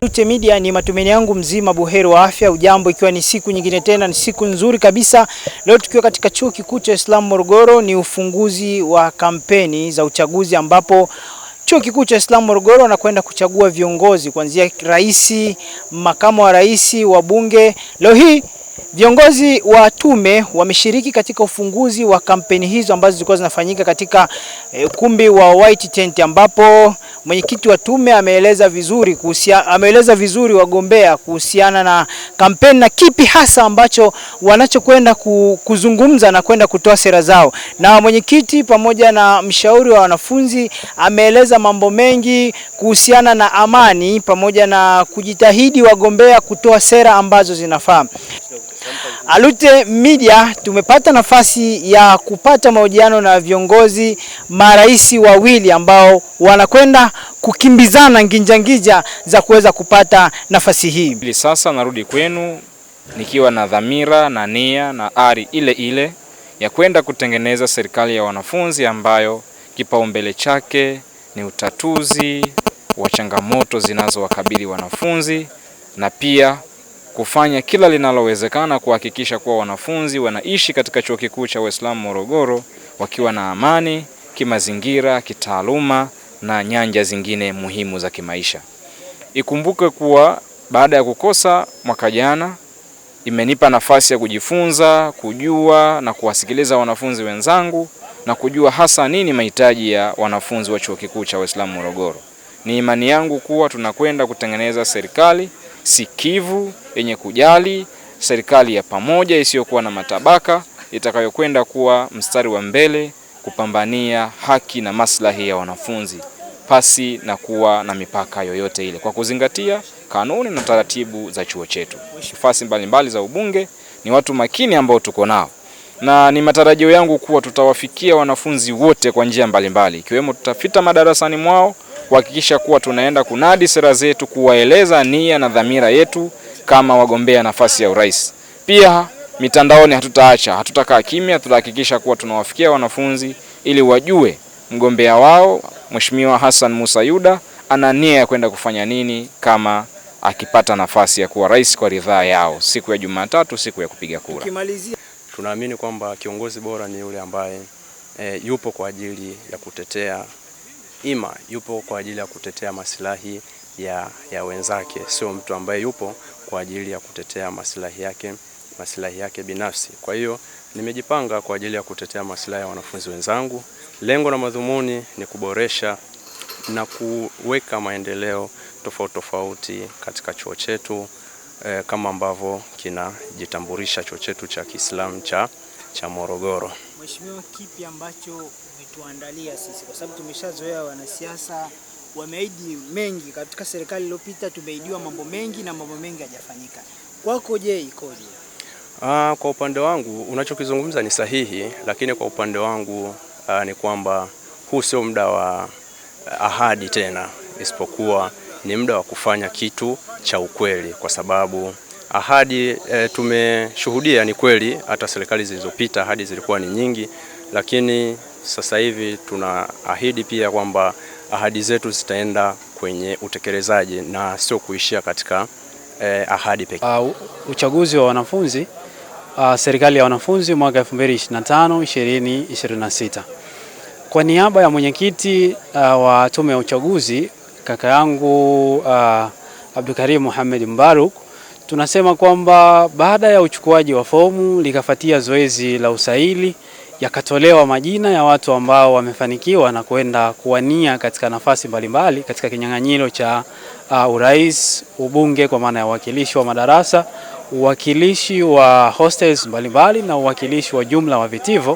Tute Media ni matumaini yangu mzima buheri wa afya. Ujambo, ikiwa ni siku nyingine tena, ni siku nzuri kabisa. Leo tukiwa katika chuo kikuu cha islam Morogoro, ni ufunguzi wa kampeni za uchaguzi ambapo chuo kikuu cha Islam Morogoro anakwenda kuchagua viongozi kuanzia rais, makamu wa rais, wabunge. Leo hii viongozi wa tume wameshiriki katika ufunguzi wa kampeni hizo ambazo zilikuwa zinafanyika katika eh, ukumbi e, wa White Tent ambapo Mwenyekiti wa tume ameeleza vizuri kuhusia, ameeleza vizuri wagombea kuhusiana na kampeni na kipi hasa ambacho wanachokwenda kuzungumza na kwenda kutoa sera zao, na mwenyekiti pamoja na mshauri wa wanafunzi ameeleza mambo mengi kuhusiana na amani pamoja na kujitahidi wagombea kutoa sera ambazo zinafaa. Alute Media tumepata nafasi ya kupata mahojiano na viongozi marais wawili ambao wanakwenda kukimbizana nginjangija za kuweza kupata nafasi hii. hili sasa narudi kwenu nikiwa na dhamira na nia na ari ile ile ya kwenda kutengeneza serikali ya wanafunzi ambayo kipaumbele chake ni utatuzi wa changamoto zinazowakabili wanafunzi na pia kufanya kila linalowezekana kuhakikisha kuwa wanafunzi wanaishi katika Chuo Kikuu cha Waislamu Morogoro wakiwa na amani kimazingira, kitaaluma na nyanja zingine muhimu za kimaisha. Ikumbuke kuwa baada ya kukosa mwaka jana, imenipa nafasi ya kujifunza, kujua na kuwasikiliza wanafunzi wenzangu na kujua hasa nini mahitaji ya wanafunzi wa Chuo Kikuu cha Waislamu Morogoro. Ni imani yangu kuwa tunakwenda kutengeneza serikali sikivu yenye kujali, serikali ya pamoja isiyokuwa na matabaka itakayokwenda kuwa mstari wa mbele kupambania haki na maslahi ya wanafunzi pasi na kuwa na mipaka yoyote ile, kwa kuzingatia kanuni na taratibu za chuo chetu. Nafasi mbalimbali za ubunge ni watu makini ambao tuko nao, na ni matarajio yangu kuwa tutawafikia wanafunzi wote kwa njia mbalimbali, ikiwemo tutafita madarasani mwao kuhakikisha kuwa tunaenda kunadi sera zetu, kuwaeleza nia na dhamira yetu kama wagombea nafasi ya urais. Pia mitandaoni hatutaacha, hatutakaa kimya, tutahakikisha kuwa tunawafikia wanafunzi ili wajue mgombea wao Mheshimiwa Hassan Musa Yuda ana nia ya kwenda kufanya nini kama akipata nafasi ya kuwa rais kwa ridhaa yao siku ya Jumatatu, siku ya kupiga kura. Tunaamini kwamba kiongozi bora ni yule ambaye e, yupo kwa ajili ya kutetea ima yupo kwa ajili ya kutetea masilahi ya, ya wenzake, sio mtu ambaye yupo kwa ajili ya kutetea masilahi yake masilahi yake binafsi. Kwa hiyo nimejipanga kwa ajili ya kutetea masilahi ya wanafunzi wenzangu. Lengo na madhumuni ni kuboresha na kuweka maendeleo tofauti tofauti katika chuo chetu eh, kama ambavyo kinajitambulisha chuo chetu cha Kiislamu cha, cha Morogoro. Mheshimiwa, kipi ambacho umetuandalia sisi, kwa sababu tumeshazoea wanasiasa wameahidi mengi katika serikali iliyopita, tumeidiwa mambo mengi na mambo mengi hajafanyika. Kwako je, ikoje? Ah, kwa upande wangu unachokizungumza ni sahihi, lakini kwa upande wangu aa, ah, ni kwamba huu sio muda wa ah, ahadi tena, isipokuwa ni muda wa kufanya kitu cha ukweli, kwa sababu Ahadi e, tumeshuhudia ni kweli, hata serikali zilizopita ahadi zilikuwa ni nyingi, lakini sasa hivi tunaahidi pia kwamba ahadi zetu zitaenda kwenye utekelezaji na sio kuishia katika e, ahadi pekee. Uh, uchaguzi wa wanafunzi uh, serikali ya wanafunzi mwaka 2025 2026. Kwa niaba ya mwenyekiti uh, wa tume ya uchaguzi kaka yangu uh, Abdulkarim Muhammad Mbaruk tunasema kwamba baada ya uchukuaji wa fomu likafuatia zoezi la usaili, yakatolewa majina ya watu ambao wamefanikiwa na kwenda kuwania katika nafasi mbalimbali katika kinyang'anyiro cha uh, urais, ubunge kwa maana ya uwakilishi wa madarasa, uwakilishi wa hostels mbalimbali na uwakilishi wa jumla wa vitivo.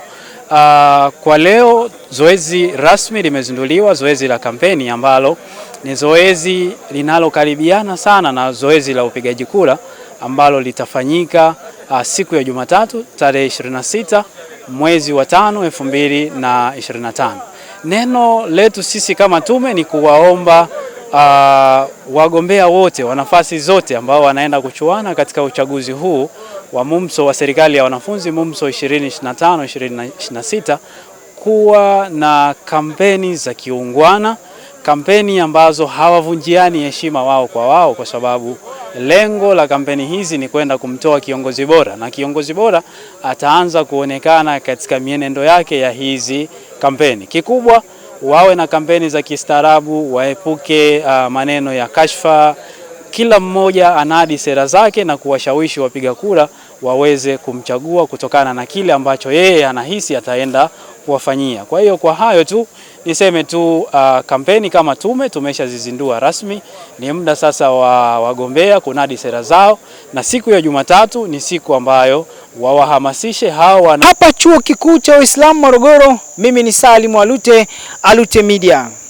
Uh, kwa leo zoezi rasmi limezinduliwa, zoezi la kampeni ambalo ni zoezi linalokaribiana sana na zoezi la upigaji kura ambalo litafanyika uh, siku ya Jumatatu tarehe 26 mwezi wa tano 2025. Neno letu sisi kama tume ni kuwaomba uh, wagombea wote wa nafasi zote ambao wanaenda kuchuana katika uchaguzi huu wa MUMSO wa serikali ya wanafunzi MUMSO 2025 2026 kuwa na kampeni za kiungwana kampeni ambazo hawavunjiani heshima wao kwa wao, kwa sababu lengo la kampeni hizi ni kwenda kumtoa kiongozi bora, na kiongozi bora ataanza kuonekana katika mienendo yake ya hizi kampeni. Kikubwa wawe na kampeni za kistaarabu, waepuke uh, maneno ya kashfa. Kila mmoja anadi sera zake na kuwashawishi wapiga kura waweze kumchagua kutokana na kile ambacho yeye anahisi ataenda kuwafanyia. Kwa hiyo kwa hayo tu niseme tu uh, kampeni kama tume tumeshazizindua rasmi. Ni muda sasa wa wagombea kunadi sera zao, na siku ya Jumatatu ni siku ambayo wawahamasishe hao wana... hapa Chuo Kikuu cha Uislamu Morogoro. Mimi ni Salim Alute, Alute Media.